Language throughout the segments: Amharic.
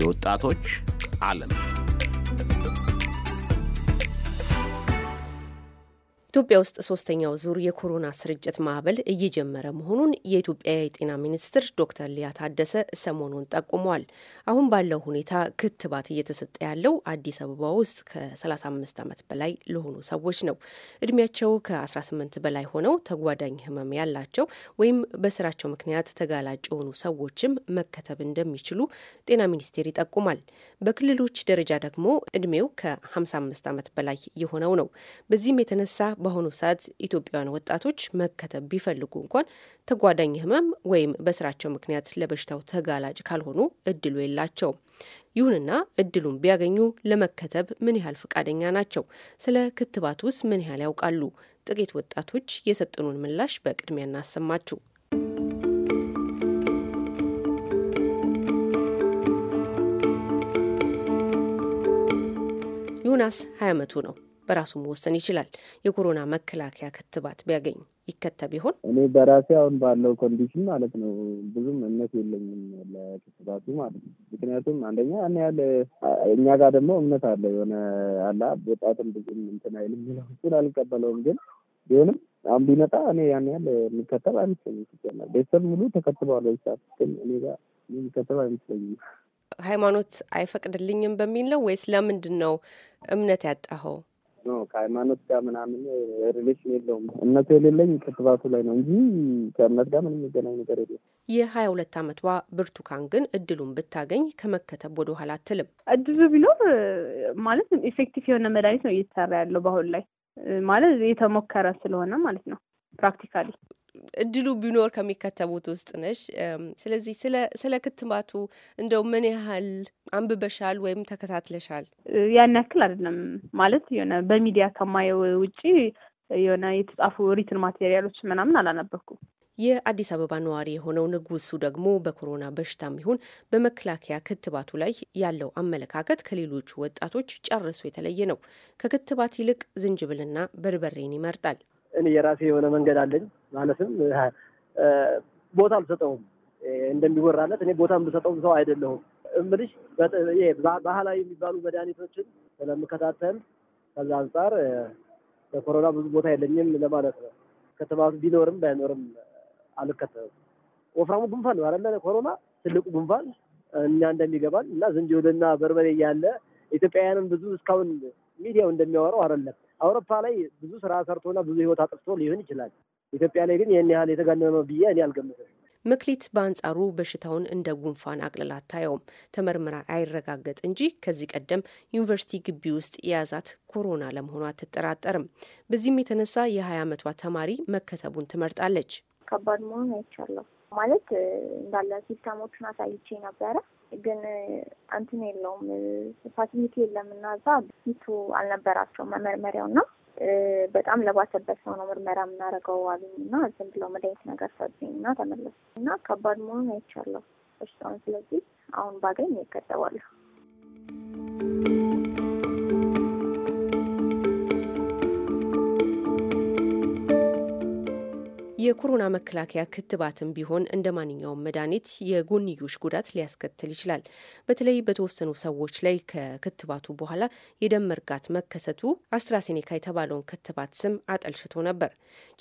የወጣቶች ዓለም ኢትዮጵያ ውስጥ ሶስተኛው ዙር የኮሮና ስርጭት ማዕበል እየጀመረ መሆኑን የኢትዮጵያ የጤና ሚኒስትር ዶክተር ሊያ ታደሰ ሰሞኑን ጠቁመዋል። አሁን ባለው ሁኔታ ክትባት እየተሰጠ ያለው አዲስ አበባ ውስጥ ከ35 ዓመት በላይ ለሆኑ ሰዎች ነው። እድሜያቸው ከ18 በላይ ሆነው ተጓዳኝ ህመም ያላቸው ወይም በስራቸው ምክንያት ተጋላጭ የሆኑ ሰዎችም መከተብ እንደሚችሉ ጤና ሚኒስቴር ይጠቁማል። በክልሎች ደረጃ ደግሞ እድሜው ከ55 ዓመት በላይ የሆነው ነው። በዚህም የተነሳ በአሁኑ ሰዓት ኢትዮጵያውያን ወጣቶች መከተብ ቢፈልጉ እንኳን ተጓዳኝ ህመም ወይም በስራቸው ምክንያት ለበሽታው ተጋላጭ ካልሆኑ እድሉ የላቸውም። ይሁንና እድሉን ቢያገኙ ለመከተብ ምን ያህል ፈቃደኛ ናቸው? ስለ ክትባት ውስጥ ምን ያህል ያውቃሉ? ጥቂት ወጣቶች የሰጠኑን ምላሽ በቅድሚያ እናሰማችሁ። ዮናስ 20 ዓመቱ ነው። በራሱ መወሰን ይችላል። የኮሮና መከላከያ ክትባት ቢያገኝ ይከተብ ይሆን? እኔ በራሴ አሁን ባለው ኮንዲሽን ማለት ነው ብዙም እምነት የለኝም ለክትባቱ ማለት ነው። ምክንያቱም አንደኛ ያን ያህል እኛ ጋር ደግሞ እምነት አለ የሆነ አላ ወጣትም ብዙም እንትን አይልም እሱን አልቀበለውም። ግን ቢሆንም አሁን ቢመጣ እኔ ያን ያህል የሚከተብ አይመስለኝም። ይቻላል ቤተሰብ ሙሉ ተከትበዋል በሰዓት ግን እኔ ጋር የሚከተብ አይመስለኝም። ሃይማኖት አይፈቅድልኝም በሚል ነው ወይስ ለምንድን ነው እምነት ያጣኸው? ነው። ከሃይማኖት ጋር ምናምን ሪሌሽን የለውም። እምነቱ የሌለኝ ክትባቱ ላይ ነው እንጂ ከእምነት ጋር ምንም የሚገናኝ ነገር የለም። የሀያ ሁለት አመቷ ብርቱካን ግን እድሉን ብታገኝ ከመከተብ ወደ ኋላ አትልም። እድሉ ቢኖር ማለት ኢፌክቲቭ የሆነ መድኃኒት ነው እየተሰራ ያለው በአሁን ላይ ማለት የተሞከረ ስለሆነ ማለት ነው ፕራክቲካሊ እድሉ ቢኖር ከሚከተቡት ውስጥ ነሽ። ስለዚህ ስለ ክትባቱ እንደው ምን ያህል አንብበሻል ወይም ተከታትለሻል? ያን ያክል አይደለም ማለት የሆነ በሚዲያ ከማየው ውጪ የሆነ የተጻፉ ሪትን ማቴሪያሎች ምናምን አላነበብኩም። የአዲስ አበባ ነዋሪ የሆነው ንጉሱ ደግሞ በኮሮና በሽታም ይሁን በመከላከያ ክትባቱ ላይ ያለው አመለካከት ከሌሎቹ ወጣቶች ጨርሶ የተለየ ነው። ከክትባት ይልቅ ዝንጅብልና በርበሬን ይመርጣል። እኔ የራሴ የሆነ መንገድ አለኝ። ማለትም ቦታ አልሰጠውም እንደሚወራለት እኔ ቦታ ብሰጠውም ሰው አይደለሁም። እምልሽ ባህላዊ የሚባሉ መድኃኒቶችን ስለምከታተል ከዛ አንጻር ለኮሮና ብዙ ቦታ የለኝም ለማለት ነው። ክትባቱ ቢኖርም ባይኖርም አልከተብም። ወፍራሙ ጉንፋን ነው አለ ኮሮና ትልቁ ጉንፋን እኛ እንደሚገባል እና ዝንጅብልና በርበሬ እያለ ኢትዮጵያውያንም ብዙ እስካሁን ሚዲያው እንደሚያወራው አይደለም። አውሮፓ ላይ ብዙ ስራ ሰርቶና ብዙ ህይወት አጥፍቶ ሊሆን ይችላል። ኢትዮጵያ ላይ ግን ይህን ያህል የተጋነነ ነው ብዬ እኔ አልገምትም። መክሊት በአንጻሩ በሽታውን እንደ ጉንፋን አቅልላ አታየውም። ተመርምራ አይረጋገጥ እንጂ ከዚህ ቀደም ዩኒቨርሲቲ ግቢ ውስጥ የያዛት ኮሮና ለመሆኑ አትጠራጠርም። በዚህም የተነሳ የሀያ 20 ዓመቷ ተማሪ መከተቡን ትመርጣለች። ከባድ መሆኑን አይቻለሁ ማለት እንዳለ ሲስተሞቹን አሳይቼ ነበረ ግን አንትን የለውም ፋሲሊቲ የለም እና እዛ ፊቱ አልነበራቸውም መመርመሪያው ና በጣም ለባሰበት ሰው ነው ምርመራ የምናደርገው አሉኝ እና ዝም ብለው መድኃኒት ነገር ሰጡኝ እና ተመለሱ እና ከባድ መሆኑን አይቻለሁ በሽታውን። ስለዚህ አሁን ባገኝ ይገጠባለሁ። የኮሮና መከላከያ ክትባትም ቢሆን እንደ ማንኛውም መድኃኒት የጎንዮሽ ጉዳት ሊያስከትል ይችላል። በተለይ በተወሰኑ ሰዎች ላይ ከክትባቱ በኋላ የደም መርጋት መከሰቱ አስትራሴኔካ የተባለውን ክትባት ስም አጠልሽቶ ነበር።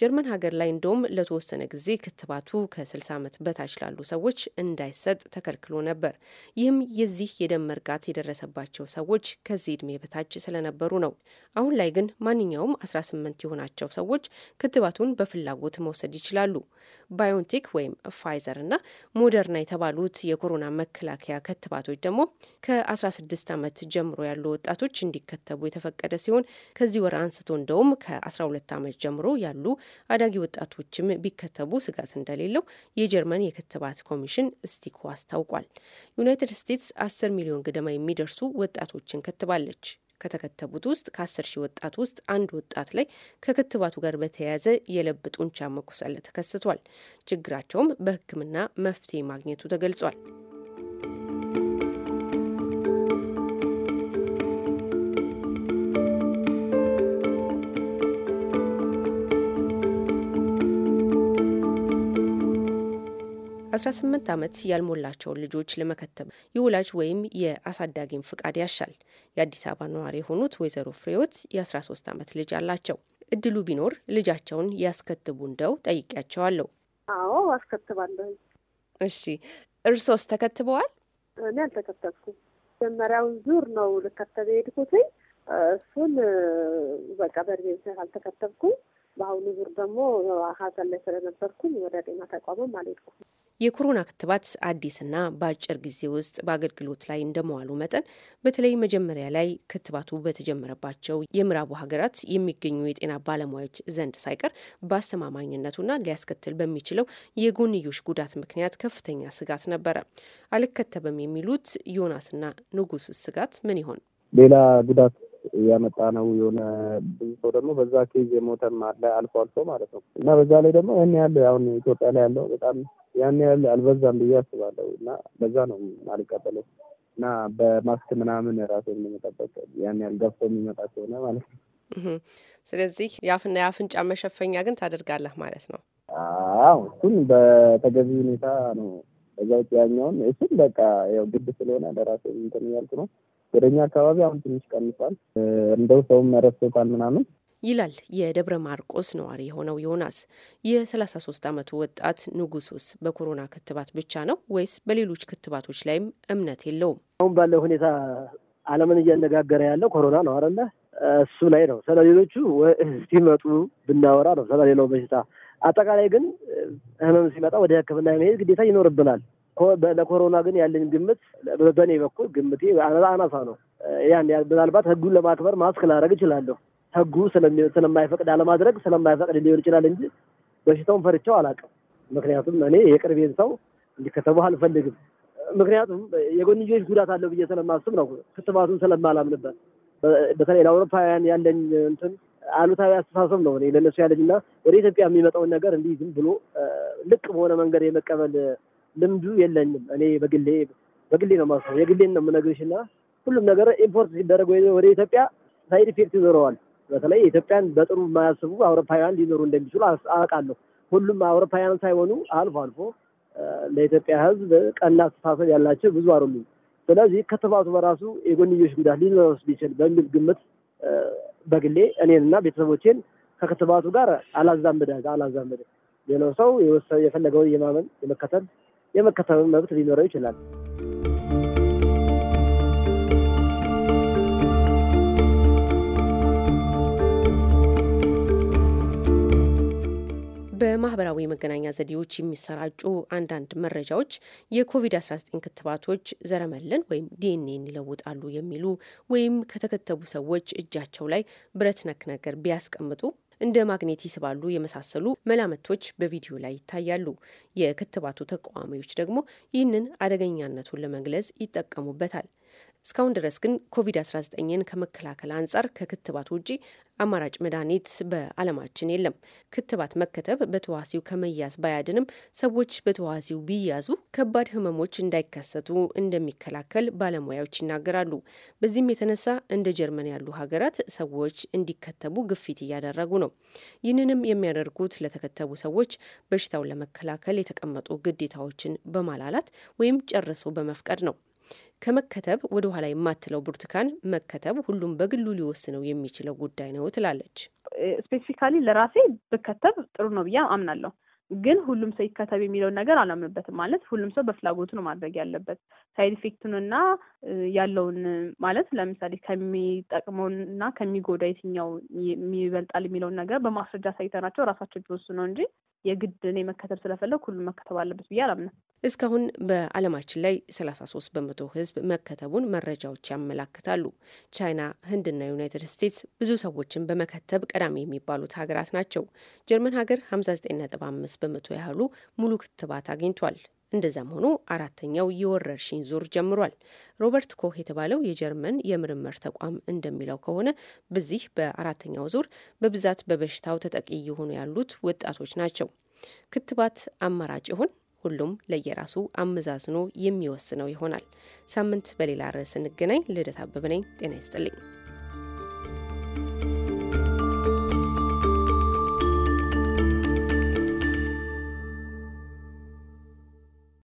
ጀርመን ሀገር ላይ እንደውም ለተወሰነ ጊዜ ክትባቱ ከ60 ዓመት በታች ላሉ ሰዎች እንዳይሰጥ ተከልክሎ ነበር። ይህም የዚህ የደም መርጋት የደረሰባቸው ሰዎች ከዚህ እድሜ በታች ስለነበሩ ነው። አሁን ላይ ግን ማንኛውም 18 የሆናቸው ሰዎች ክትባቱን በፍላጎት መውሰድ መውሰድ ይችላሉ። ባዮንቴክ ወይም ፋይዘር እና ሞደርና የተባሉት የኮሮና መከላከያ ክትባቶች ደግሞ ከ16 ዓመት ጀምሮ ያሉ ወጣቶች እንዲከተቡ የተፈቀደ ሲሆን ከዚህ ወር አንስቶ እንደውም ከ12 ዓመት ጀምሮ ያሉ አዳጊ ወጣቶችም ቢከተቡ ስጋት እንደሌለው የጀርመን የክትባት ኮሚሽን ስቲኮ አስታውቋል። ዩናይትድ ስቴትስ 10 ሚሊዮን ገደማ የሚደርሱ ወጣቶችን ከትባለች። ከተከተቡት ውስጥ ከ10 ሺህ ወጣት ውስጥ አንድ ወጣት ላይ ከክትባቱ ጋር በተያያዘ የለብ ጡንቻ መኮሰል ተከስቷል። ችግራቸውም በሕክምና መፍትሄ ማግኘቱ ተገልጿል። 18 ዓመት ያልሞላቸውን ልጆች ለመከተብ የወላጅ ወይም የአሳዳጊን ፍቃድ ያሻል። የአዲስ አበባ ነዋሪ የሆኑት ወይዘሮ ፍሬዎት የ13 ዓመት ልጅ አላቸው። እድሉ ቢኖር ልጃቸውን ያስከትቡ እንደው ጠይቂያቸዋለሁ። አዎ አስከትባለሁ። እሺ፣ እርሶስ ተከትበዋል? እኔ አልተከተብኩም። መጀመሪያውን ዙር ነው ልከተብ የሄድኩትኝ። እሱን በቃ በእድሜ አልተከተብኩም። በአሁኑ ዙር ደግሞ ሀዘን ላይ ስለነበርኩኝ ወደ ጤና ተቋምም አልሄድኩም። የኮሮና ክትባት አዲስና በአጭር ጊዜ ውስጥ በአገልግሎት ላይ እንደመዋሉ መጠን በተለይ መጀመሪያ ላይ ክትባቱ በተጀመረባቸው የምዕራቡ ሀገራት የሚገኙ የጤና ባለሙያዎች ዘንድ ሳይቀር በአስተማማኝነቱና ሊያስከትል በሚችለው የጎንዮሽ ጉዳት ምክንያት ከፍተኛ ስጋት ነበረ። አልከተበም የሚሉት ዮናስና ንጉስ ስጋት ምን ይሆን? ሌላ ጉዳት እያመጣ ነው። የሆነ ብዙ ሰው ደግሞ በዛ ኬዝ የሞተም አለ አልፎ አልፎ ማለት ነው እና በዛ ላይ ደግሞ ያን ያለ አሁን ኢትዮጵያ ላይ ያለው በጣም ያን ያለ አልበዛም ብዬ አስባለሁ እና በዛ ነው አልቀበለው እና በማስክ ምናምን ራሴን የመጠበቅ ያን ያል ገብቶ የሚመጣ ከሆነ ማለት ነው። ስለዚህ የአፍና የአፍንጫ መሸፈኛ ግን ታደርጋለህ ማለት ነው? አዎ እሱን በተገቢ ሁኔታ ነው። በዛ ውጭ ያኛውን እሱን በቃ ያው ግድ ስለሆነ ለራሴ እንትን እያልኩ ነው ወደ እኛ አካባቢ አሁን ትንሽ ቀንሷል። እንደው ሰውም መረሶታል ምናምን ይላል የደብረ ማርቆስ ነዋሪ የሆነው ዮናስ። የ33 ዓመቱ ወጣት ንጉሱስ በኮሮና ክትባት ብቻ ነው ወይስ በሌሎች ክትባቶች ላይም እምነት የለውም? አሁን ባለው ሁኔታ ዓለምን እያነጋገረ ያለው ኮሮና ነው አይደለ? እሱ ላይ ነው። ስለሌሎቹ ሲመጡ ብናወራ ነው ስለሌላው በሽታ። አጠቃላይ ግን ህመም ሲመጣ ወደ ሕክምና የመሄድ ግዴታ ይኖርብናል። ለኮሮና ግን ያለኝ ግምት በእኔ በኩል ግምቴ አናሳ ነው። ያን ምናልባት ህጉን ለማክበር ማስክ ላደርግ እችላለሁ። ህጉ ስለማይፈቅድ አለማድረግ ስለማይፈቅድ ሊሆን ይችላል እንጂ በሽታውን ፈርቸው አላውቅም። ምክንያቱም እኔ የቅርቤን ሰው እንዲከተቡ አልፈልግም። ምክንያቱም የጎንዮሽ ጉዳት አለው ብዬ ስለማስብ ነው። ክትባቱን ስለማላምንበት በተለይ ለአውሮፓውያን ያለኝ እንትን አሉታዊ አስተሳሰብ ነው ለእነሱ ያለኝ እና ወደ ኢትዮጵያ የሚመጣውን ነገር እንዲህ ዝም ብሎ ልቅ በሆነ መንገድ የመቀበል ልምዱ የለኝም። እኔ በግሌ በግሌ ነው ማለት የግሌን ነው የምነግርሽ። እና ሁሉም ነገር ኢምፖርት ሲደረግ ወደ ኢትዮጵያ ሳይድ ኢፌክት ይኖረዋል። በተለይ ኢትዮጵያን በጥሩ የማያስቡ አውሮፓውያን ሊኖሩ እንደሚችሉ አውቃለሁ። ሁሉም አውሮፓውያን ሳይሆኑ አልፎ አልፎ ለኢትዮጵያ ሕዝብ ቀና አስተሳሰብ ያላቸው ብዙ አይደሉም። ስለዚህ ክትባቱ በራሱ የጎንዮሽ ጉዳት ሊኖረስ ቢችል በሚል ግምት በግሌ እኔንና ቤተሰቦቼን ከክትባቱ ጋር አላዛምደ አላዛምደ ሌላው ሰው የፈለገውን የማመን የመከተል የመከፈል መብት ሊኖረው ይችላል። በማህበራዊ መገናኛ ዘዴዎች የሚሰራጩ አንዳንድ መረጃዎች የኮቪድ-19 ክትባቶች ዘረመልን ወይም ዲኤንኤን ይለውጣሉ የሚሉ ወይም ከተከተቡ ሰዎች እጃቸው ላይ ብረት ነክ ነገር ቢያስቀምጡ እንደ ማግኔት ይስባሉ የመሳሰሉ መላምቶች በቪዲዮ ላይ ይታያሉ። የክትባቱ ተቃዋሚዎች ደግሞ ይህንን አደገኛነቱን ለመግለጽ ይጠቀሙበታል። እስካሁን ድረስ ግን ኮቪድ-19ን ከመከላከል አንጻር ከክትባት ውጪ አማራጭ መድኃኒት በዓለማችን የለም። ክትባት መከተብ በተዋሲው ከመያዝ ባያድንም ሰዎች በተዋሲው ቢያዙ ከባድ ህመሞች እንዳይከሰቱ እንደሚከላከል ባለሙያዎች ይናገራሉ። በዚህም የተነሳ እንደ ጀርመን ያሉ ሀገራት ሰዎች እንዲከተቡ ግፊት እያደረጉ ነው። ይህንንም የሚያደርጉት ለተከተቡ ሰዎች በሽታውን ለመከላከል የተቀመጡ ግዴታዎችን በማላላት ወይም ጨርሰው በመፍቀድ ነው። ከመከተብ ወደ ኋላ የማትለው ብርቱካን መከተብ ሁሉም በግሉ ሊወስነው የሚችለው ጉዳይ ነው ትላለች። ስፔሲፊካሊ ለራሴ ብከተብ ጥሩ ነው ብዬ አምናለሁ። ግን ሁሉም ሰው ይከተብ የሚለውን ነገር አላምንበትም። ማለት ሁሉም ሰው በፍላጎቱ ነው ማድረግ ያለበት። ሳይድ ኢፌክቱንና ያለውን ማለት ለምሳሌ ከሚጠቅመውና ከሚጎዳ የትኛው የሚበልጣል የሚለውን ነገር በማስረጃ ሳይተናቸው ራሳቸው ቢወስኑ ነው እንጂ የግድ እኔ መከተል ስለፈለግ ሁሉም መከተብ አለበት ብዬ አላምንም። እስካሁን በዓለማችን ላይ 33 በመቶ ህዝብ መከተቡን መረጃዎች ያመላክታሉ። ቻይና፣ ህንድና ዩናይትድ ስቴትስ ብዙ ሰዎችን በመከተብ ቀዳሚ የሚባሉት ሀገራት ናቸው። ጀርመን ሀገር 59.5 በመቶ ያህሉ ሙሉ ክትባት አግኝቷል። እንደዚያም ሆኖ አራተኛው የወረርሽኝ ዙር ጀምሯል። ሮበርት ኮህ የተባለው የጀርመን የምርምር ተቋም እንደሚለው ከሆነ በዚህ በአራተኛው ዙር በብዛት በበሽታው ተጠቂ የሆኑ ያሉት ወጣቶች ናቸው። ክትባት አማራጭ ይሆን? ሁሉም ለየራሱ አመዛዝኖ የሚወስነው ይሆናል። ሳምንት በሌላ ርዕስ እንገናኝ። ልደት አበበ ነኝ። ጤና ይስጥልኝ።